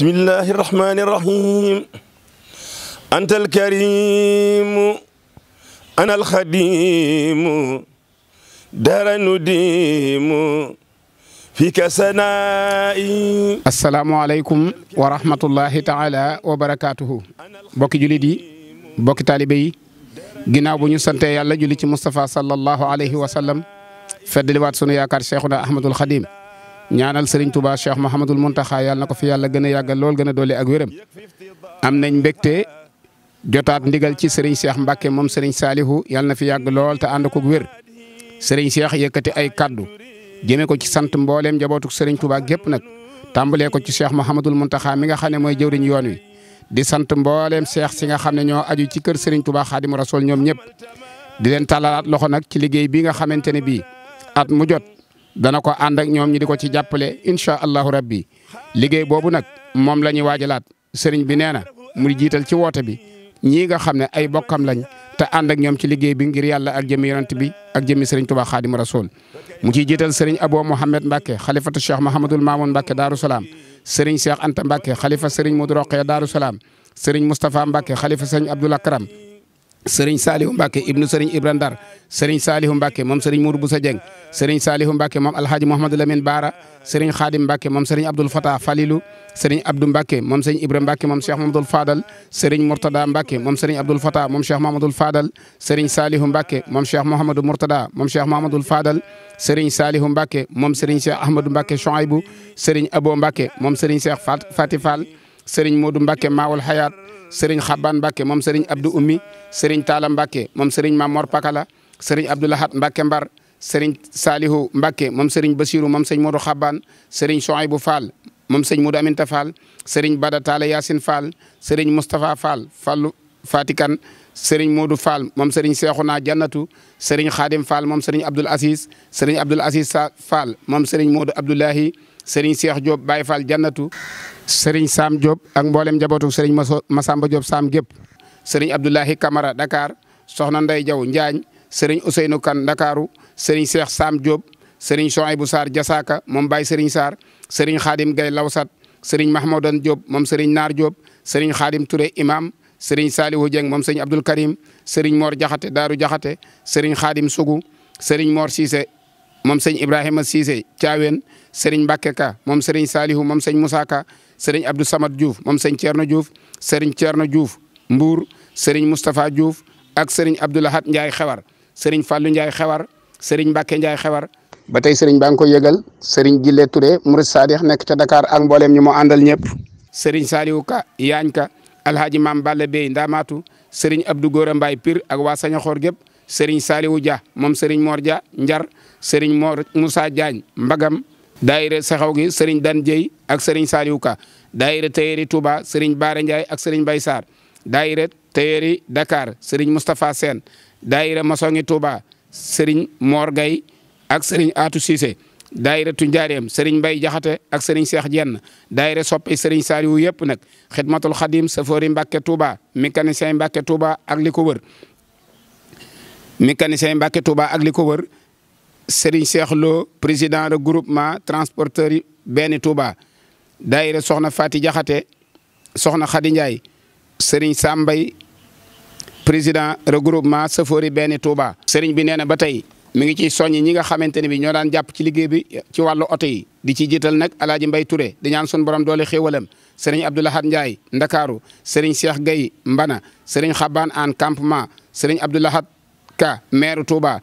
بسم الله الرحمن الرحيم أنت الكريم أنا الخديم دار نديم فيك سنائي السلام عليكم ورحمة الله تعالى وبركاته بوكي جلدي بوكي طالبي ginnaaw bu ñu sante yàlla julli ci Moustapha sallallahu alayhi wa sallam feddaliwaat sunu yaakaar Cheikhuna Ahmadul Khadim ñaanal sëriñ Touba Cheikh Mouhamadul Mountakha yàlla na ko fi yàlla gën a yàggal lool gën a dolli ak wéram am nañ mbégte jotaat ndigal ci sëriñ Cheikh Mbacke moom sëriñ Salihu yàlla na fi yàgg lool te ànd ko wér sëriñ Cheikh yëkkati ay kaddu jëmee ko ci sant mbooleem njabootuk sëriñ Touba gépp nag tàmbalee ko ci Cheikh Mouhamadul Mountakha mi nga xam ne mooy jëwriñ yoon wi di sant mboolem Cheikh si nga xam ne ñoo aju ci kër sëriñ Touba a Rasuul ñoom ñëpp di leen tàllalaat loxo nag ci liggéey bi nga xamante ne bii dana ko ànd ak ñoom ñi di ko ci jàppale incha allahu rabbi liggéey boobu nag moom la ñuy waajalaat sëriñ bi nee na mu jiital ci woote bi ñii nga xam ne ay bokkam lañ te ànd ak ñoom ci liggéey bi ngir yàlla ak jëmi yonent bi ak jëmi sëriñ Tuubaa Xaadimu Rasuul mu ciy jiital sëriñ Abo Mouhamed Mbacke xalifatu Cheikh Mahamadul Mamoun Mbacke Daaru Salaam sëriñ Cheikh Anta Mbacke xalifa sëriñ Modou Roqe Daaru Salaam sëriñ Moustapha Mbacke xalifa sëriñ Abdoul Akram sëriñ Salihu Mbacke ibnu sëriñ Ibra Ndar sëriñ Salihu Mbacke moom sëriñ Mourou Boussa Dieng sëriñ Salihu Mbacke moom Alhaji Mouhamadou Lamine Baara sëriñ Khadim Mbacke moom sëriñ Abdoul Fatah Falilou sëriñ Abdou Mbacke moom sëriñ Ibra Mbacke moom Cheikh Mamadou Fadal sëriñ Mourtada Mbacke moom sëriñ Abdoul Fatah moom Cheikh Mamadou Fadal sëriñ Salihu Mbacke moom Cheikh Mouhamadou Mourtada moom Cheikh Mamadou Fadal sëriñ Salihu Mbacke moom sëriñ Cheikh Ahmadou Mbacke Chouaibou sëriñ Abo Mbacke moom sëriñ Cheikh Fati Fall sëriñ Modou Mbacke Maawul Hayat sëriñ Xabbaan Mbacke moom sëriñ Abdou Ummi sëriñ Talla Mbacke moom sëriñ Mamor Pakala sëriñ Abdoulahat Mbacke Mbar sëriñ Salihu Mbacke moom sëriñ Basiru moom sëñ Modou Xabbaan sëriñ Soaybu Fall moom sëñ Modou Aminta Fall sëriñ Bada Talla Yacine Fall sëriñ Moustapha Fall Fallu Fatikan sëriñ Modou Fall moom sëriñ Seexuna Jannatu sëriñ Xaadim Fall moom sëriñ Abdoul Aziz sëriñ Abdoul Aziz Fall moom sëriñ Modou Abdoulahi Serigne Cheikh Diop Baye Fall Jannatu Serigne Sam Diop ak mboolem njabootu Serigne Massamba Diop Sam gépp Serigne Abdoulahi kamara Dakar soxna Ndey Jaw Njaañ Serigne Ousseynou Kane Dakaru Serigne Cheikh Sam Diop Serigne Souaibou Sarr Jasaaka moom Baye Serigne Sarr Serigne Khadim Gaye Lawsat Serigne Mahmoudan Diop moom Serigne Naar Diop Serigne Khadim Touré imam Serigne Salihu Dieng moom Serigne Abdoul Karim Serigne Mor Jaxate Daaru Jaxate Serigne Khadim Sugu Serigne moor Cissé moom sëñ Ibrahima Cissé Thiawén sëriñ Mbacke Ka moom sëriñ Salihu moom sëñ Moussa Ka sëriñ Abdou Samad Diouf moom sëñ Thierno Diouf sëriñ Thierno Diouf Mbour sëriñ Moustapha Diouf ak sëriñ Abdoulahat Ndiaye Xewar sëriñ Fallou Ndiaye Xewar sëriñ Mbacke Ndiaye Xewar. ba tey sëriñ baa ngi ko yëgal sëriñ Jille Touré Mourid Sadikh nekk ca Dakar ak mboolem ñu moo àndal ñëpp. sëriñ Salihu Ka Yaañ Ka alhaji maam Balla Bey Ndamatu sëriñ Abdou Gora mbaay Pire ak waa Sañaxoor gépp sëriñ Salihu Dia moom sëriñ Mor Dia Njar serign Mor Moussa Diagne Mbagam daayira saxaw gi sëriñ Dan Dieye ak sëriñ Saliou Ka Teyeri Touba sëriñ Baara Ndiaye ak sëriñ Mbaye Sarr daayira Teyeri Dakar sëriñ Moustapha Sène daayira Masongi Touba sëriñ Mor ak sëriñ Atou Cissé daayira tu njaareem sëriñ Mbay Jaxate ak sëriñ Seex Jenn daayira soppi sëriñ Saliou yëpp nag xidmatul xadim safoori Mbàkke Touba mécanicien Mbàkke Touba ak li ko wër Serigne Cheikh Lo président de groupement transporteur yi benn Touba daayira soxna Fati Jaxate soxna Khady Ndiaye Serigne Sambay président regroupement safoor yi benn Touba. Serigne bi nee ba tey mi ngi ciy soññ ñi nga xamante ne bi ñoo daan jàpp ci liggéey bi ci wàllu oto yi di ci jiital nag El mbay Mbaye Touré di ñaan sun borom doole xéwalam Serigne Abdoulahad Ndiaye Ndakaaru Serigne Cheikh Gueye Mbana Serigne Xabaan en campement Serigne Abdoulahad Ka maire Touba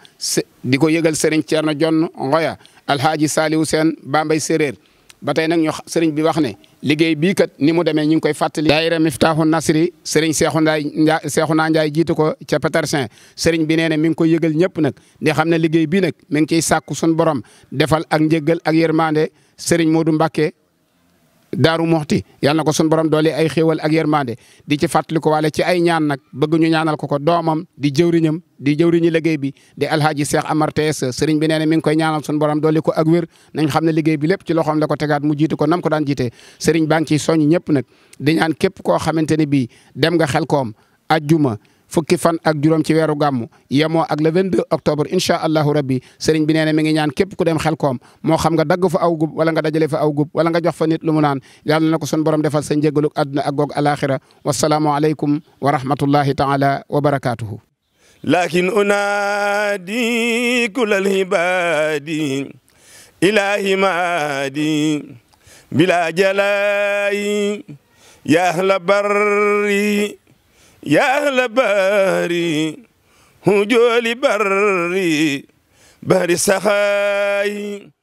di ko yëgal Serigne Thierno John Ngoya alhaaji Saliou Sène Bambey Séréer ba tey nag ñu sëriñ bi wax ne liggéey bii kat ni mu demee ñu ngi koy fàttali. daayira Miftaahu Nasri sëriñ Seexu Ndaay Seexu Naa Njaay jiite ko ca Pétersen sëriñ bi nee ne mi ngi koy yëgal ñëpp nag di xam ne liggéey bii nag mi ngi ciy sàkku suñu borom defal ak njëggal ak yërmande sëriñ Modou Mbacké daaru moxti yàlla na ko sun borom doole ay xéewal ak yërmande di ci fàttali ko waale ci ay ñaan nag bëgg ñu ñaanal ko ko doomam di jëwriñam di jëwriñu liggéey bi di alhaaji Cheikh Amar TSE sëriñ bi nee na mi ngi koy ñaanal sun borom doole ko ak wér nañ xam ne liggéey bi lépp ci loxoom la ko tegaat mu jiitu ko nam ko daan jiitee sëriñ baa ngi ciy soññ ñëpp nag di ñaan képp koo xamante ne bii dem nga xel koom ajjuma fukki fan ak juróom ci weeru gàmmu yemoo ak le 22 octobre incha allahu rabbi sëriñ bi nee na mi ngi ñaan képp ku dem xel koom moo xam nga dagg fa aw gub wala nga dajale fa aw gub wala nga jox fa nit lu mu naan yàlla na ko sun borom defal sa njëgaluk àdduna ak goog alaxira wasalaamu aleykum wa rahmatullahi taala wa barakaatuhu lakin unaadi kulal hibaadi ilahi maadi bila jalayi ya ahla barri يا أهل باري هجولي بري باري سخاي